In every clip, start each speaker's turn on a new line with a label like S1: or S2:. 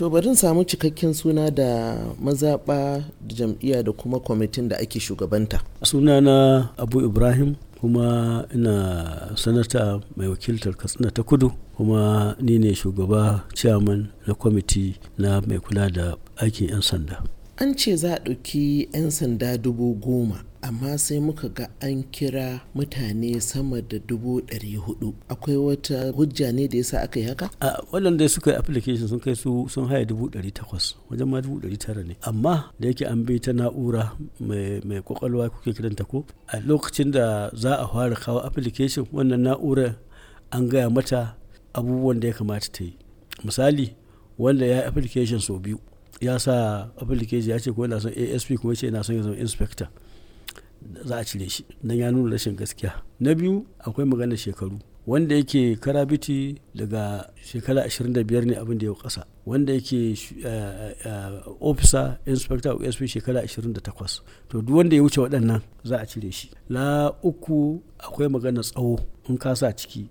S1: to barin samu cikakken suna da mazaɓa da jam'iyya da kuma kwamitin da ake shugabanta
S2: sunana abu ibrahim kuma ina sanata mai wakiltar katsina ta kudu kuma ni ne shugaba chairman na kwamiti na mai kula da aikin 'yan sanda
S1: an ce za a ɗauki 'yan sanda dubu goma amma sai muka ga an kira mutane sama da dubu ɗari hudu akwai wata hujja ne da yasa aka yi haka?
S2: a waɗanda suka yi application sun kai su sun haya dubu ɗari takwas wajen ma dubu ɗari tara ne amma da yake an bi ta na'ura mai kwakwalwa kuke ta ko a lokacin da za a fara kawo application wannan na'ura an gaya mata abubuwan da ya kamata ta yi misali wanda ya yi application sau biyu ya sa application ya ce ko yana son asp kuma ce yana son ya zama inspector za a cire shi nan ya nuna rashin gaskiya na biyu akwai maganar shekaru wanda yake karabiti daga shekara 25 ne abin da ya kasa wanda yake eh, eh, officer inspector usp shekara 28 to duk wanda ya wuce waɗannan za a cire shi la uku akwai magana tsawo in ka sa ciki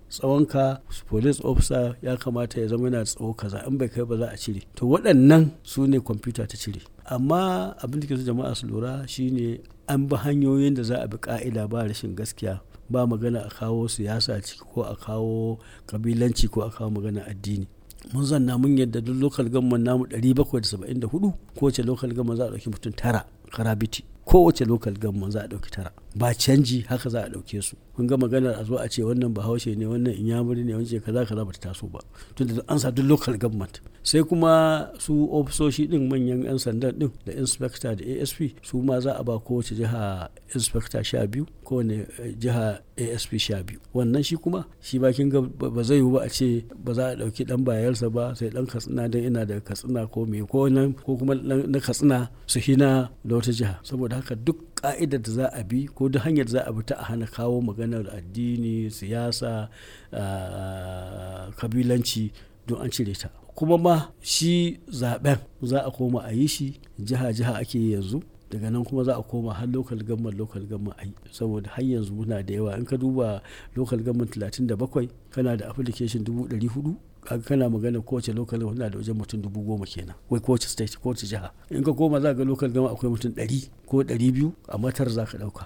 S2: ka police officer ya kamata ya zama yana tsawo kaza in bai kai ba za a cire to waɗannan su ne kwamfuta ta cire amma abin da ke jama'a su lura shine an bi hanyoyin da za a bi ka'ida ba rashin gaskiya ba magana a kawo siyasa ciki ko a kawo kabilanci ko a kawo magana addini mun na mun yadda duk lokal gamman namu 774 kowace lokal gamman za a ɗauki mutum tara karabiti kowace lokal gamman za a ɗauki tara ba canji haka za a ɗauke su kun ga maganar a zo a ce wannan bahaushe ne wannan inyamuri ne wancan kaza kaza ba ta taso ba tun da an sa duk local government sai kuma su ofisoshi din manyan yan sandan din da inspector da asp su ma za a ba kowace jiha inspector sha biyu kowane eh, jiha asp sha biyu wannan shi kuma shi ba kin ga ba zai yiwu ba a ce ba za a ɗauki dan bayarsa ba sai dan katsina dan ina da katsina ko me ko nan ko kuma na katsina su hina da wata jiha saboda haka duk ka'idar da za a bi ko duk hanyar za a bi ta a hana kawo maganar addini siyasa kabilanci don an cire ta kuma ma shi zaben za a koma a yi shi jiha-jiha ake yanzu daga nan kuma za a koma har local government local government ai saboda har yanzu muna da yawa in ka duba local government 37 kana da application 400 kana magana kowace lokal na da wajen mutum dubu goma kenan wai kowace state kowace jiha in ka koma za ga lokal gama akwai mutum ɗari ko ɗari biyu a matar za ka ɗauka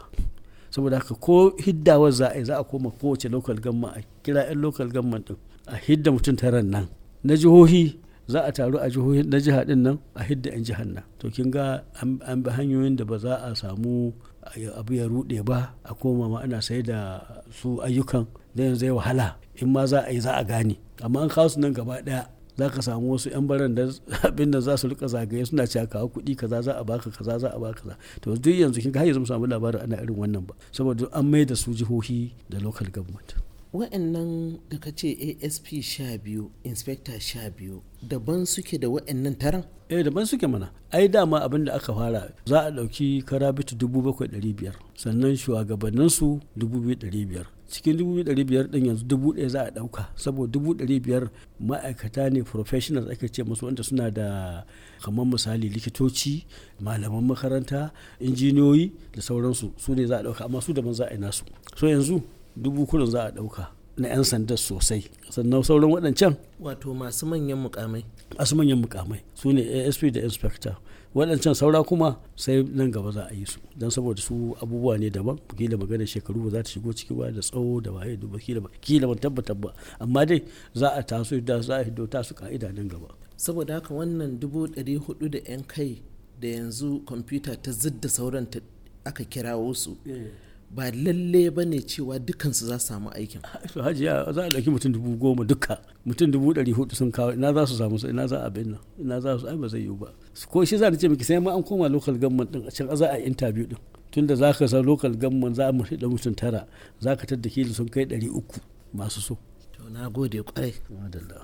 S2: saboda haka ko hiddawar za a yi za a koma kowace lokal gama a kira 'yan lokal gama din a hidda mutum taran nan na jihohi za a taru a jihohi na jiha din nan a hidda 'yan jihar nan to kin ga an bi hanyoyin da ba za a samu abu ya rude ba a koma ma ana sai da su ayyukan zai yanzu wahala in ma za a yi za a gane amma an kawo su nan gaba daya za ka samu wasu 'yan baran da abin da za su rika zagaye suna cewa kawo kuɗi kaza za a baka kaza za a baka kaza to duk yanzu kin har yanzu mu samu labarin ana irin wannan ba saboda an mai da su jihohi da local government
S1: wa'annan da ka ce asp 12 inspector 12 daban suke da wa'annan taron eh daban suke mana ai dama abin da aka fara za a ɗauki karabitu
S2: 7,500 sannan shugabanninsu 2,500 cikin 500 din yanzu 1000 za a ɗauka saboda biyar ma'aikata ne professionals ake ce masu wanda suna da kamar misali likitoci malaman makaranta injiniyoyi da sauransu su ne za a ɗauka amma su daban za a yi nasu so yanzu dubu kudin za a dauka na 'yan sanda sosai sannan sauran waɗancan
S1: wato masu manyan mukamai masu manyan
S2: mukamai su ne asp da inspector waɗancan saura kuma sai nan gaba za a yi su don saboda su abubuwa ne daban kila magana shekaru ba za ta shigo ciki ba da tsawo da waye duba kila ba kila
S1: ba tabbatar ba amma
S2: dai za a taso da za a hidota su ka'ida nan gaba
S1: saboda haka wannan dubu ɗari hudu da 'yan kai da yanzu kwamfuta ta zidda sauran aka kirawo su eh. ba lalle ba ne cewa dukansu za su samu aikin. to
S2: hajiya za a ɗauki mutum dubu goma duka mutum dubu ɗari hudu sun kawo ina za su samu ina za a bin nan ina za su ai ba zai yiwu ba ko shi za ta ce miki sai ma an koma local government din a can za a interview din da za ka san local government za a mutu da mutum tara za ka tattaki sun kai ɗari uku masu so. to na gode kwarai.